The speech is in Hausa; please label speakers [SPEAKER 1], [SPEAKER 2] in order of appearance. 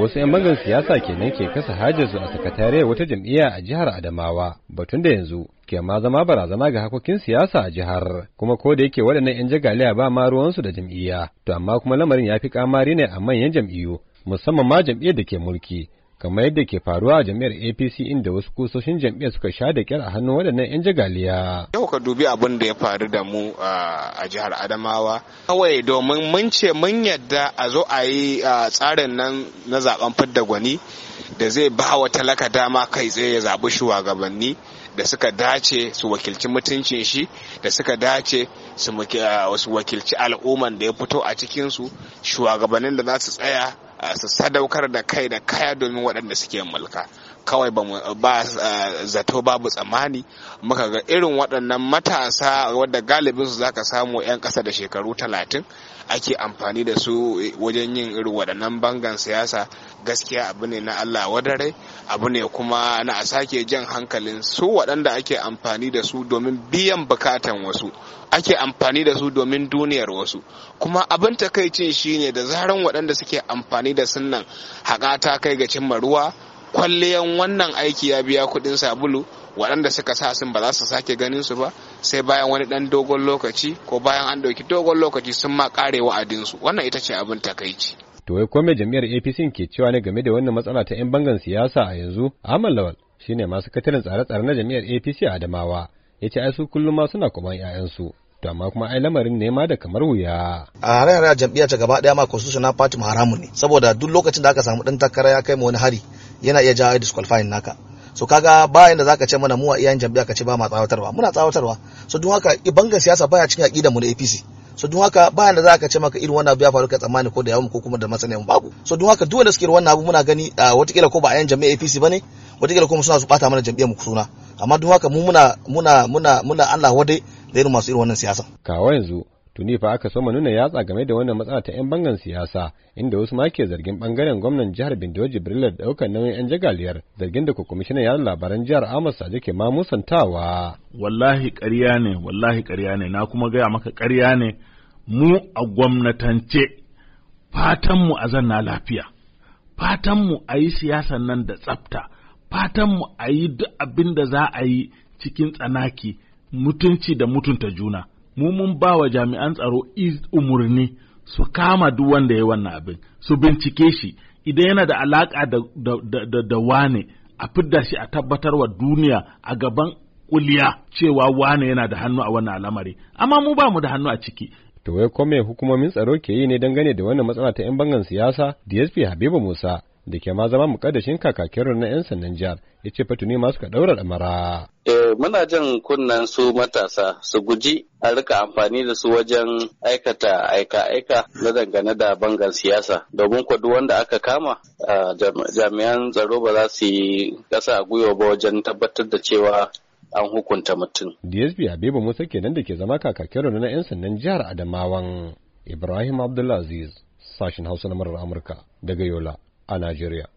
[SPEAKER 1] wasu 'yan bangar siyasa kenan ke kasa hajarsu a sakatariyar wata jam'iyya a jihar Adamawa batun da yanzu ke ma zama barazana ga hakokin siyasa a jihar kuma ko da yake waɗannan 'yan jagaliya ba ma ruwansu da jam'iyya to amma kuma lamarin ya fi kamari ne a manyan jam'iyyu musamman ma jam'iyyar da ke mulki kamar yadda ke faruwa a jami'ar apc inda wasu kusoshin jam'iyyar suka sha da kyar a hannun waɗannan 'yan jagaliya
[SPEAKER 2] yau ka dubi abin da ya faru da mu a jihar adamawa kawai domin mun ce mun yadda a zo a yi tsarin nan na zaben fidda gwani da zai ba wa talaka dama kai tsaye ya zaɓi shugabanni da suka dace su wakilci mutuncin shi da suka dace su wakilci al'umman da ya fito a cikinsu shugabannin da za su tsaya su sadaukar da kai da kaya domin waɗanda suke mulka kawai ba zato babu tsammani muka ga irin waɗannan matasa wadda galibin su ka samu 'yan ƙasa da shekaru talatin ake amfani da su wajen yin irin waɗannan bangan siyasa gaskiya abu ne na allah wadare abu ne kuma na a sake jan hankalin su waɗanda ake amfani da su domin biyan bukatan wasu ake amfani da su domin duniyar wasu kuma abin takaicin shine da zaran waɗanda suke amfani da sunnan haƙa ta kai ga cimma ruwa kwalliyan wannan aiki ya biya kuɗin sabulu waɗanda suka sa sun ba za su sake ganin su ba sai bayan wani ɗan dogon lokaci ko bayan an ɗauki dogon lokaci sun ma kare wa'adinsu wannan ita ce abin takaici.
[SPEAKER 1] to wai kome jam'iyyar apc ke cewa ne game da wannan matsala ta 'yan bangan siyasa a yanzu ahmad lawal shine masu katirin tsare-tsare na jam'iyyar apc a
[SPEAKER 3] adamawa ya ce ai su kullum ma suna kwaban 'ya'yansu to amma kuma ai lamarin ne ma da kamar wuya. A hare da jam'iyyar ta gaba daya ma constitutional party haramun ne saboda duk lokacin da aka samu dan takara ya kai mu wani hari yana iya jawo disqualifying naka. So kaga ba inda zaka ce mana mu a iyayen jam'iyya ka ce ba ma tsawatarwa muna tsawatarwa so don haka ibanga siyasa baya cikin aqidar mu na APC. so don haka bayan da za ka ce maka irin wannan abu ya faru ka tsammani ko da yawon ko kuma da mu, babu so don haka duk wanda suke wannan abu muna gani watakila ko ba a yan jami'a APC bane watakila kuma suna su bata mana jami'a mu suna amma duk haka mu muna muna muna muna Allah wadai da irin masu irin wannan siyasa kawo yanzu tuni fa aka soma nuna
[SPEAKER 1] yatsa game da wannan matsala ta 'yan bangan siyasa inda wasu ma ke zargin bangaren gwamnan jihar Bindo Jibril da daukar nauyin 'yan jagaliyar zargin da kwamishinan yaran labaran jihar Amos Saje ke ma musantawa.
[SPEAKER 4] Wallahi ƙarya ne, wallahi ƙarya ne, na kuma gaya maka ƙarya ne mu a gwamnatance fatanmu a zanna lafiya, fatanmu a yi siyasan nan da tsafta. fatan mu a yi duk abin da za a yi cikin tsanaki mutunci da mutunta juna mu mun ba wa jami'an tsaro umurni su kama duk wanda ya wannan abin su bincike shi idan yana da alaka da, da, da, da, wane a fidda shi a tabbatar wa duniya a gaban kuliya cewa wane yana da hannu a wannan al'amari amma mu ba mu da hannu a ciki to wai kome
[SPEAKER 1] hukumomin tsaro ke yi ne dangane da wannan matsala ta 'yan bangan siyasa DSP Habiba Musa da ke ma zama mukaddashin kakakin na 'yan sandan jihar ya ce fatuni ma suka ɗaura damara.
[SPEAKER 3] muna jan kunnan su matasa su guji a rika amfani da su wajen aikata aika-aika na dangane da bangar siyasa domin kwadu wanda aka kama jami'an tsaro ba za su yi ƙasa a gwiwa ba wajen tabbatar da cewa an hukunta mutum.
[SPEAKER 1] DSP Habibu Musa kenan da ke zama kakakin na 'yan sandan jihar Adamawan Ibrahim Abdulaziz sashen Hausa na murar Amurka daga Yola. a Najeriya.